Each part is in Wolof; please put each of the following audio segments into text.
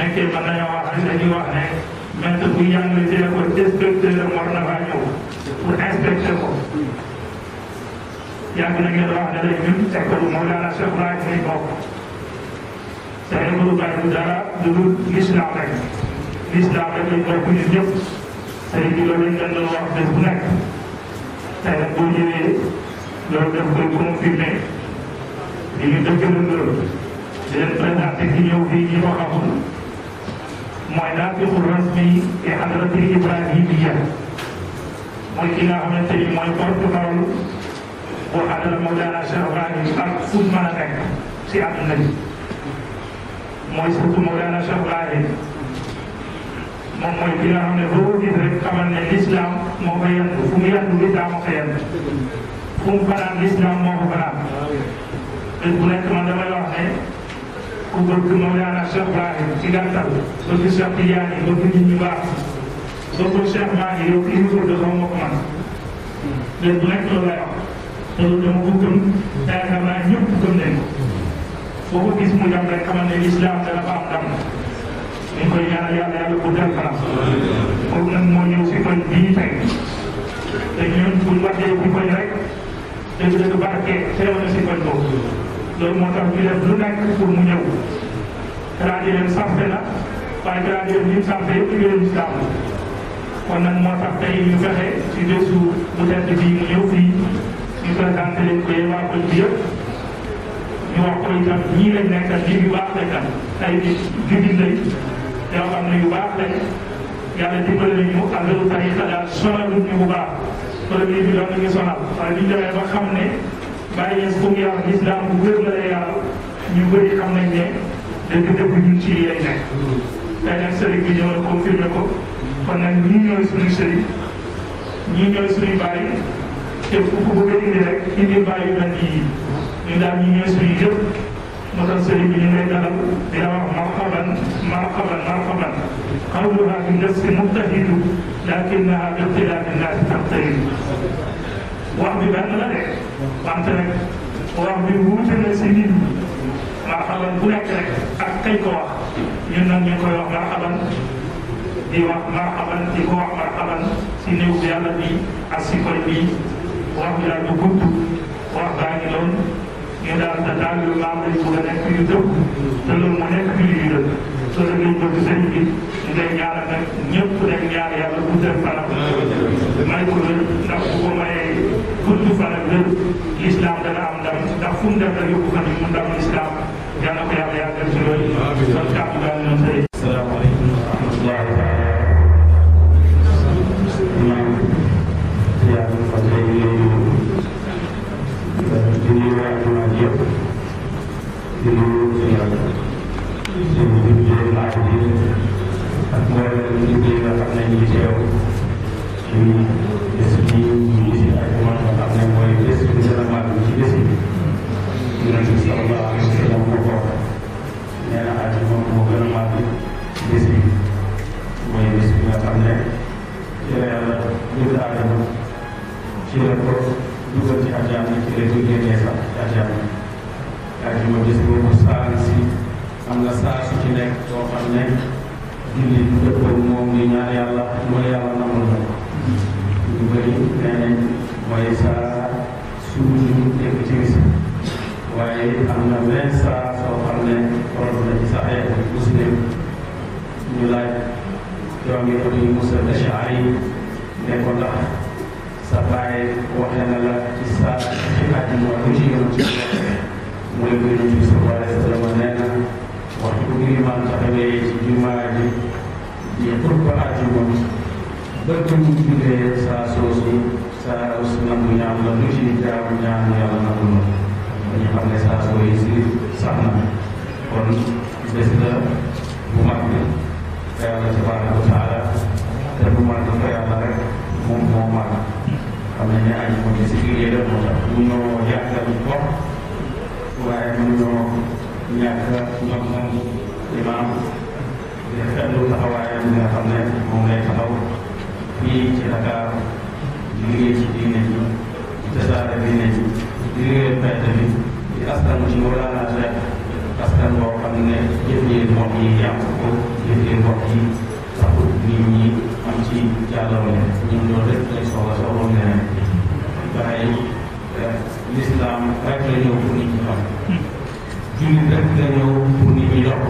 bien que mën nañoo wax ne dañuy wax ne maître bu yàgg ci école inspecteur war na faa ñëw pour inspecter ko. yàgg na ngeen wax ne léegi ñun école Mawlana Cheikh Ibrahima muy bokk te école Baye du dara du dul l'islam rek l'islam rek lañ bokk ñun ñëpp tey bi loolu lañ leen doon wax bés bu nekk tey nag boo ñëwee loolu daf koy confirmé di ñu dëggal loolu di leen présenté ki ñëw fii ñi ko xamul mooy naafiqul rasmi li hadratil ibrahimiyya mooy ki nga xamante ni mooy porte-parole bu hadara Mawlana Cheikh Ibrahim ak fu mu mën a nekk si àdduna bi mooy surtout Mawlana Cheikh Ibrahim moom mooy ki nga xam ne boo ko gis rek xamal ne l'islam moo ko yendu fu mu yendu l'islam moo ko yendu fu mu fanaan l'islam moo ko fanaan bés bu nekk man damay wax ne ku bëgg Mawlana Cheikh Ibrahim ci gàttal bëgg Cheikh Tidiane bëgg nit ñu baax bëgg Cheikh Mahi yow kii ñu bëgg xam nga ko man léegi bu nekk loolu lay wax loolu dama ko gëm yaakaar naa ñëpp gëm nañ ko foo ko gis mu dem rek xamal ne lislaam dana fa am ndam dañ koy ñaanal yàlla yàlla bu dal fanam kooku nag moo ñëw si koñ bi ñu teg te ñun buñ wàccee bu koñ rek dëgg-dëgg barke teew na si koñ boobu loolu moo tax ñu def lu nekk pour mu ñëw Canadien sant na waaye Canadien ñi mu sant yëpp liggéeyam si daaw kon nag ñu fexe ci bésu bu tedd yëpp ñu wax ko itam ñii lañ nekkal lii yu baax lañ am ay nit jullit lañ yoo xam ne yu baax lañ yàlla dimbale nañu ak résultat yi xalaat ñu bu baax problème bi doon nañu sonal waaye bi ñu demee ba xam ne. bàyyi yéen pour yàlla lislaam bu wér la lay yàlla ñu bëri xam nañ ne dëgg-dëgg ñun ci lii lay nekk. day nekk sëriñ bi ñëw confirmé kon nag ñi ñooy suñu sëriñ ñi ñooy suñu bàyyi te ku bëgg a indi rek indi bàyyi mel nii ñu daal ñi ñooy suñu yëpp moo tax sëriñ bi ñu lay dalal di la wax marhaban marhaban marhaban qawluha bi nafsi mujtahidu lakinnaha bi ixtilaafi naasi taqtaribu wax bi benn la wante nag wax bi wuute na si nit ñi marhaban bu nekk rek ak kañ ko wax ñun nag ñu koy wax marhaban di wax marhaban di ko wax marhaban si néew bi yàlla bi ak si koy bi wax bi daal du gudd wax baa ngi doon ñu daal da daal yu maam lañ bëgg a nekk yu dëkk te loolu moo nekk julli yu dëkk te loolu lañ bëgg sëñ bi ñu day ñaara nag ñëpp dañ ñaar yàlla guddal fanam may ko ndax bu ko mayee fukki fan ak lépp l'islam dana am ndam ndax fu mu def rek yóbbu fan yi mu ndam l'islam yàlla ko yàlla yàggal ci loolu kon kàddu daal moom tey salaamaaleykum wa rahmatullahi ak mboolem liggéey nga xam ne ñu ngi teew ci bés bi ñu ngi si yonent bi sallallahu alayhi wa sallam moo ko nee na àjjuma moo gën a màgg ci bés bi mooy bés bi nga xam ne ci la yàlla jël aadama ci la ko dugal ci àjjana ci la ko génnee sax ci àjjana àjjuma bés boobu saa si am na saa su ci nekk soo xam ne julli bu dëppoo moom di ñaan yàlla mooy yàlla namul na ñu bëri nee nañ mooy saa su ñu nekk ci bés waaye am saa soo xam ne borom na ci sax ay muslim ñu laaj doomi Abi Musa ne ko ndax sa baay waxee na la ci saa ci àddina waa ko ci yonent bi mu ne ko yonent bi sallallahu alayhi wa sallam nee na waxtu bu ngi man taxawee ci jumaa ji di xutba àjjuma bët mu jullee saa soosu saa su nangu ñaan la lu ci jaamu ñaan yàlla nangu la xam ne saa sooy si sax na kon bés la bu mag bi fa yàlla tabaaraka wa taala te bu mag bi fa yàlla rek moom moo mag xam ne ne añ moom si liggéey la moo tax mu ñoo yàggal ko waaye mu ñoo ñàkk ñoom moom imaam rafetlu taxawaayam bi nga xam ne moom lay taxaw fii ci Dakar liggéey ci diine ji tasaare diine ji liggéeyal fayda bi ci askan wi loolu laa laaj rek askan boo xam ne jëf leen mbokk yi yàq ko jëf leen mbokk yi taxul nit ñi am ci jàllale ñun loolu rek lañ soxla soxla ne waaye lislaam rek la ñëw pour nit ñi xam. jullit rek la ñëw pour nit ñi yokk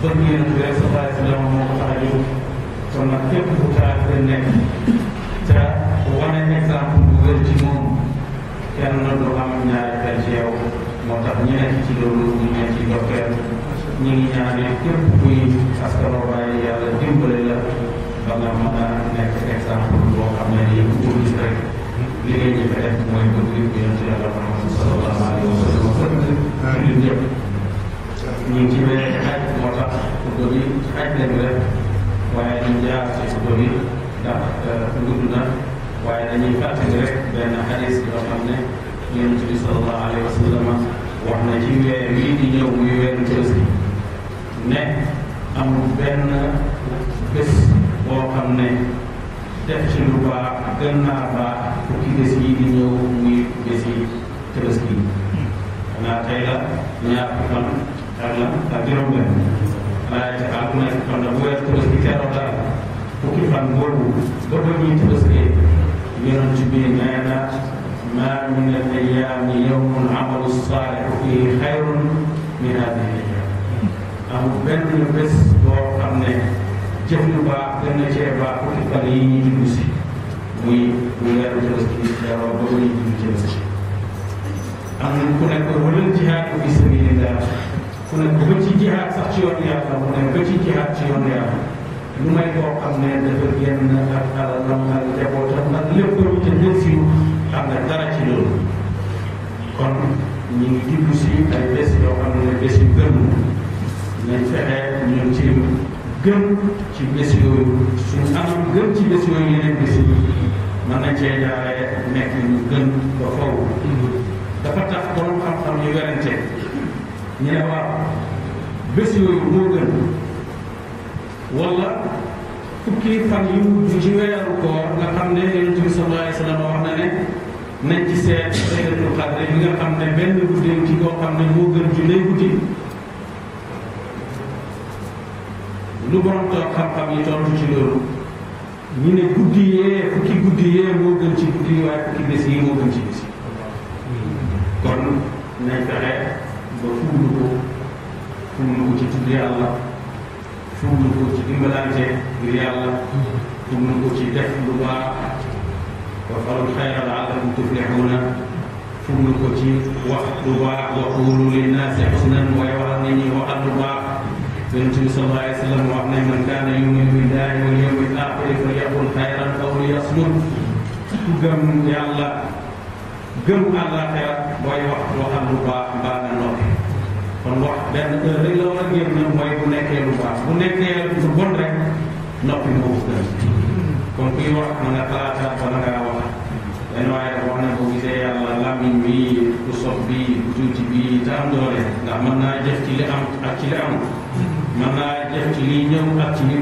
bëgg ngeen di rek sa xaalis la moo ko tax a jóg kon nag képp ku taal te nekk ca wane exemple bu gën ci moom kenn du am ñaari xel ci yow. moo tax ñu nekk ci loolu ñu nekk ci ndokkeel ñu ngi ñaanee képp kuy askano waaye yàlla dimbale la ba nga mën a nekk exemple boo xam ne yëpp ko gis rek liggéey ñi fa def mooy bëgg yëpp yonent yàlla Muhammad sallallahu alayhi wa sallam jullit ñëpp ñu ngi ci beneen xaj moo tax xutba bi xaj lañ rek waaye ñu jaar ci xutba bi ndax gudd na waaye dañuy fàttali rek benn xadis yoo xam ne yonent bi sallallahu alayhi wa sallam wax na ci weer bii di ñëw muy weeru tësi ne amul benn bés boo xam ne def ci lu baax gën naa baax fukki bés yi di ñëw muy bés yi tëbës bi xanaa tey la ñaar fan ak la ak juróom benn waaye te am na fan la bu weer tëbës bi teeroo daal fukki fan boobu ba ba na ما من الأيام يوم العمل الصالح فيه خير من هذه الأيام amul benn bés boo xam ne jëf lu baax gën na cee baax ci fan yi ñu dugg si muy bu leeru tabaski dara ba ba ñu dugg tabaski am na ku nekk walal jihaad fi sabilillah ku nekk ba ci jihaad sax ci yoon yàlla mu ne ba ci jihaad ci yoon yàlla lu may boo xam ne dafa génn ak alalam ak njabootam ak lépp lu ca jël si xam nga dara ci kon ñu ngi jublu si ay bés yoo xam ne bés yu gën nañ fexe ñun ci gën ci bés yooyu suñu anam gën ci bés yooyu yeneen bés yi mën nañ cee jaaree nekk ñu gën ba faw dafa tax borom xam-xam yu werante ñu ne waaw bés yooyu moo gën wala fukki fan yu ci weeru koor nga xam ne yonent bi sallallahu alayhi wa sallam wax na ne nañ ci seet laylatul qadr bi nga xam ne benn guddee ci koo xam ne moo gën ci lay guddi lu borom xam-xam yi tontu ci loolu ñu ne guddi yee fukki guddi yee moo gën ci guddi waaye fukki bés yi moo gën ci bés yi kon fexe ba fuulu ko fuulu ko ci tudd yàlla fuulu ko ci dimbalante ngir yàlla fuulu ko ci def lu baax وافعلوا الخير لعلكم تفلحون fumul ko ci wax lu baax wa qulu linnaasi xusnan waaye waxal nit ñi waxal lu baax yonent bi sallallahu alayhi wa sallam wax ne man kaana yuminu billahi wal yawmil axiri falyaqul xayran aw liyasmut ku gëm yàlla gëm àllaaxira booy wax waxal lu baax mbaa nga noppi kon wax benn heure rek la war a génn mooy bu nekkee lu baax bu nekkee lu bon rek noppi moo gën kuy wax na nga xalaatal bala ngaa wax benn waaye dafa wax ne bu gisee yàlla làmmiñ bii ku bii tuuti bii te am doole ndax naa def ci li am ak ci li naa def ci li ñëw ak ci li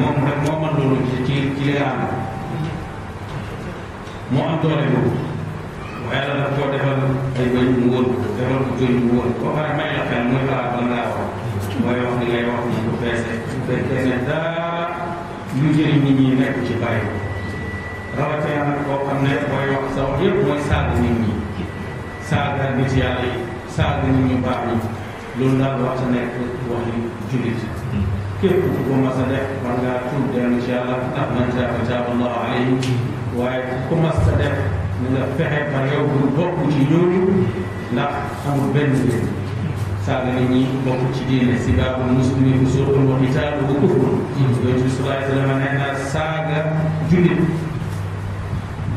moom rek moo mën loolu ci ci ci li nga am daf koo defal ay bëñ mu wóor defal ko bëñ mu wóor ba pare may la xel muy xalaat bala wax mooy wax li ngay wax ni bu feesee bu fekkee ne dara lu jëriñ nit ñi nekk ci bàyyi rawatina nag boo xam ne booy wax sa wax yëpp saaga nit saaga nit yàlla saaga nit ñu baax ñi loolu wax sa nekk wax yi jullit képp ku ko mas a def war ngaa tuub dellu ci yàlla ndax man taaba taaba allahu alayhi a def ni nga fexe ba yow bul bokk ci ñooñu ndax amul benn benn saaga nit ñi bokk ci diine si baabul muslimi bu sóobul wa xitaabu bu kufru yooyu ci sulaay salama nee saaga jullit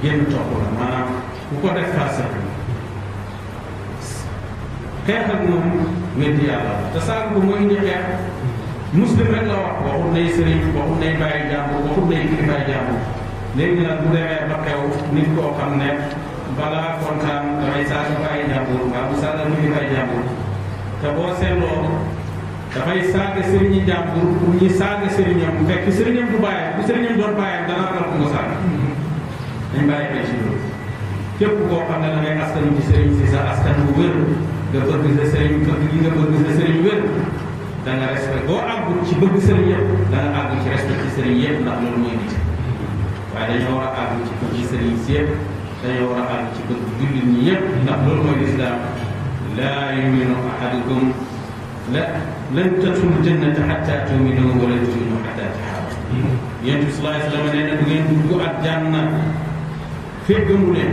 génn topp la maanaam ku ko def passé xeex ak moom weddi yàlla te saaga ko mooy rek la wax waxut nay sëriñ waxut nay bàyyi jàmbur waxut nay kii bàyyi jàmbur léegi nag bu demee ba xew nit koo xam ne balaa kontaan dafay saaga bàyyi jàmbur mbaa bu saaga nit ñi bàyyi jàmbur te boo seetloo dafay saaga sëriñi jàmbur pour ñu saaga sëriñam fekk sëriñam du bàyyam bu sëriñam doon bàyyam dana ragal ko nga dañ bàyyi xel ci loolu képp koo xam ne da ngay askanu ci sëriñ si sa askan bu wér nga bëgg sa sëriñ bëgg gi nga bëgg sa sëriñ wér da nga respect boo àggul ci bëgg sëriñ yëpp da nga àggul ci respect ci sëriñ yëpp ndax loolu mooy nit waaye dañoo war a àggul ci bëgg sëriñ si yëpp dañoo war a àggul ci bëgg jullit ñi yëpp ndax loolu mooy lislaam laa yuminu ahadukum la lan tadxulu jannata xatta tuminu wala tuminu xatta taxaabu yéen bi salaai sallam nee na du ngeen dugg ak jànna fekk gëmu leen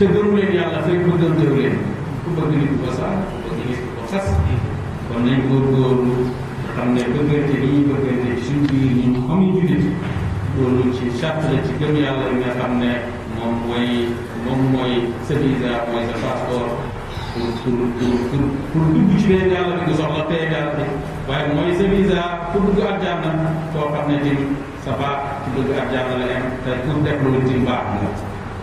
te gëmu leen yàlla fekk bëggam gëmu leen ku bëgg nit ko saal ku bëgg nit ko sas kon nañ góorgóorlu xam ne bëggante li ñuy bëggante ci suñu biir ñu xamuñ jullit loolu ci charte la ci gëm yàlla li nga xam ne moom mooy moom mooy sa visa mooy sa passeport pour pour pour pour dugg ci leen yàlla bi nga soxla tey yàlla bi waaye mooy sa visa pour dugg àjjana koo xam ne tim sa baax ci dugg àjjana la yem te pour def loolu tim baax na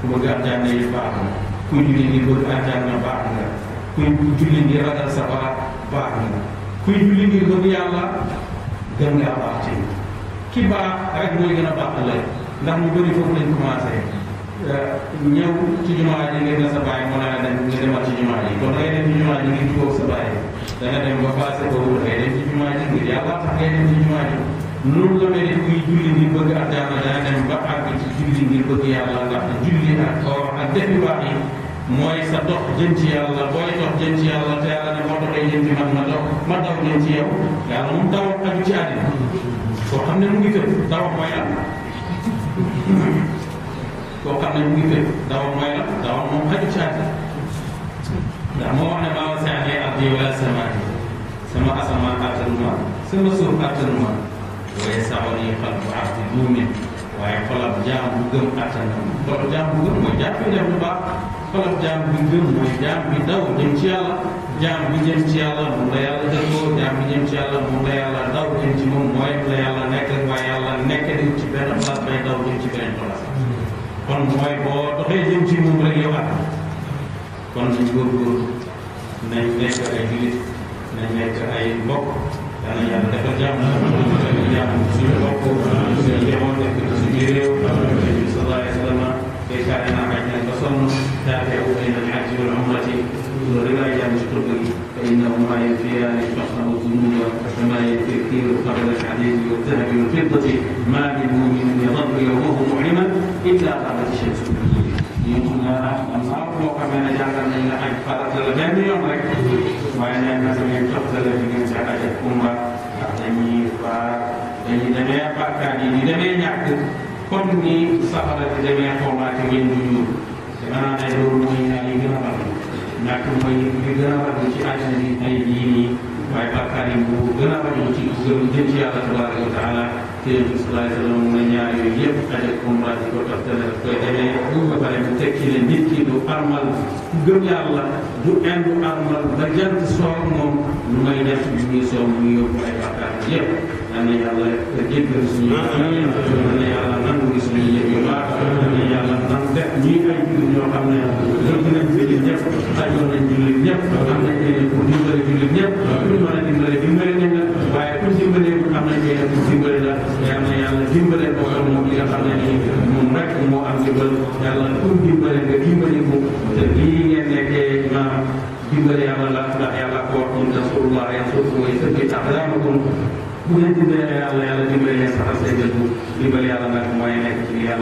ku bëgg àjjana yi baax na ku jullit yi bëgg àjjana baax na ku jullit yi ragal safara baax na ku jullit yi bëgg yàlla gën ngaa baax ki baax rek mooy gën a baax lay ndax ñu bëri foofu lañ commencé euh, ñëw ci jumaa ji ngir na sa bàyyi mu naa dem nga demal ci jumaa ji kon ngay dem ci jumaa ji ngir jubóog da nga dem ba passé ko wut ngay dem ci jumaa ji ngir yàlla tax ngay dem ci loolu la mel kuy julli ngir bëgg ak dara dana ba àgg ci julli ngir bëgg yàlla ndax julli ak koor ak yu baax yi mooy sa dox jëm ci yàlla booy dox jëm ci yàlla yàlla moom daw ak ci àddina koo xam ne mu ngi kër daw mooy la koo xam ne mu ngi kër daw mooy la daw moom xaju ci àddina ndax moo wax ne maa wasi'a ardi wala samaai sama asamaan attanuma sama suuf attanuma ويسعني قلب عبد مؤمن waaye xolab jaam bu gëm attan na xolab jaam bu gëm mooy jaam bi def lu baax xolab jaam bi gëm mooy jaam bi daw jëm ci yàlla jaam bi jëm ci yàlla moom la yàlla dëkkoo jaam bi jëm ci yàlla moom la yàlla daw jëm ci moom mooy la yàlla nekk waaye yàlla nekk di ci benn place bay daw jëm ci benn place kon mooy boo doxee jëm ci moom rek yow attan kon nañ góorgóor nañ nekk ay jullit nañ nekk ay mbokk yàlla yàlla defal jàmm defal jàmm suñu bopp suñu jamono defal suñu réew sallallahu alayhi wa sallam tey saa yi naa xaj ba sonn daa fee wu ñu naan xaj wal umrati loolu rek laay jàng ci tur gi fa innahu maa yanfiyaani shahwa zunuba maa yastakiru qabla alxadidi waldahabi walfiddati maa min muminin yadallu yawmahu mu'liman illa qabat shamsu moo xamee ne jàngal nañ la aj farata la benn yoon rek waaye nee na da ngeen toftale bi ngeen ca aj ak kumba ndax dañuy faar dañuy demee bàkkaar yi di demee ñàkk comme ni safara di demee xomaati weñ bu ñuul te maanaam ay loolu mooy ñaar yi gën a rafet ñàkk mooy li gën a rafet ci àddina bi ay lii nii waaye bàkkaar yi gën a rafet ci gëm jëm ci yàlla tabaraka wa taala yonent bi sallallahu alayhi wa sallam mu ne ñaar yooyu yëpp aje umra ji ko tax dana daf koy demee ba pare mu tekki ne nit ki du armal ku gëm yàlla du indu armal ba jant soor moom lu may def bi muy soow mu ngi yóbbu ay bàkkaar yëpp yal na yàlla jéggal suñu yal na yàlla nangu suñu yëpp yu baax yal na yàlla nangu def ñuy ay jullit ñoo xam ne bëgg nañ jullit ñëpp tajoon nañ jullit ñëpp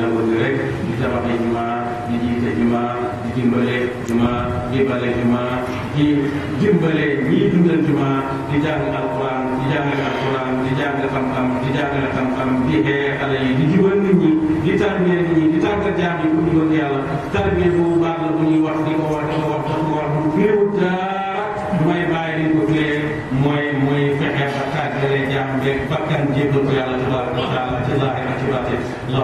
yàlla bëgg rek di tabax yi juma di jiite juma di dimbale juma di bale juma di dimbale ñii dundal juma di jàng alquran di jàng alquran di jàng xam-xam di jàngale xam-xam di xee xale yi di jubal nit ñi di tarbiya nit ñi di tàggat jaam yi pour ñu bëgg yàlla tarbiya boobu baax la bu ñuy wax di ko wax di ko wax di ko wax mu féew dara may bàyyi di ko fee mooy mooy fexe ba tàggale jaam beeg bakkan jébbal ko yàlla tabaraka wa taala ci zaahir ak ci baatin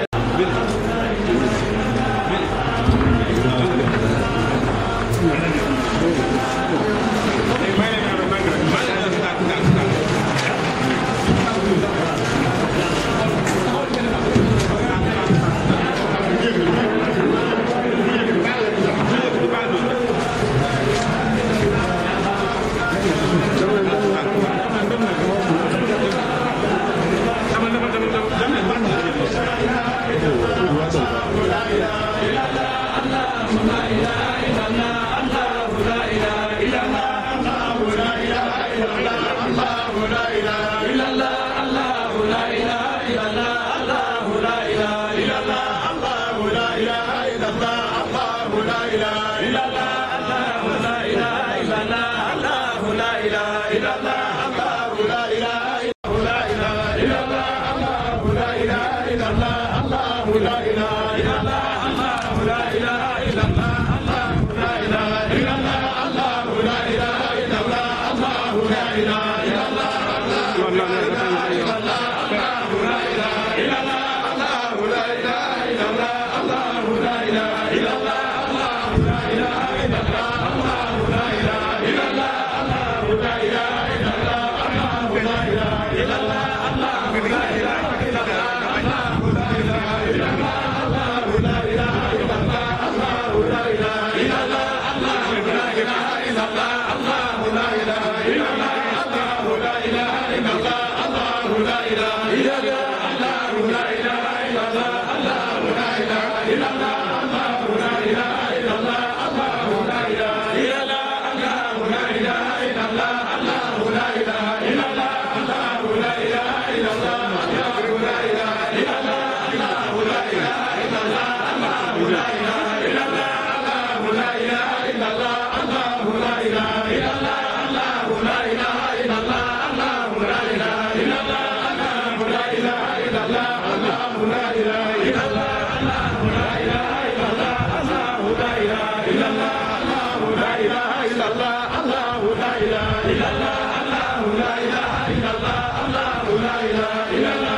la ilaha illallah إله إلا الله ilaha